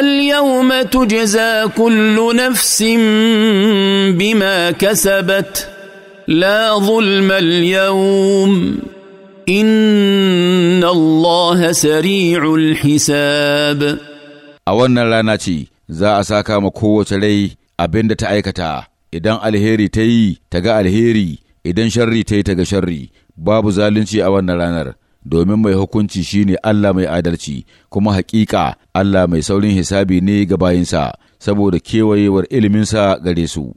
اليوم تجزى كل نفس بما كسبت لا ظلم اليوم ان الله سريع الحساب a wannan rana ce za a saka ma kowace rai abin da ta aikata idan alheri ta yi ta ga alheri idan sharri ta yi ta ga sharri babu zalunci a wannan ranar domin mai hukunci shine Allah mai adalci kuma hakika Allah mai saurin hisabi ne ga bayinsa saboda kewayewar iliminsa gare su.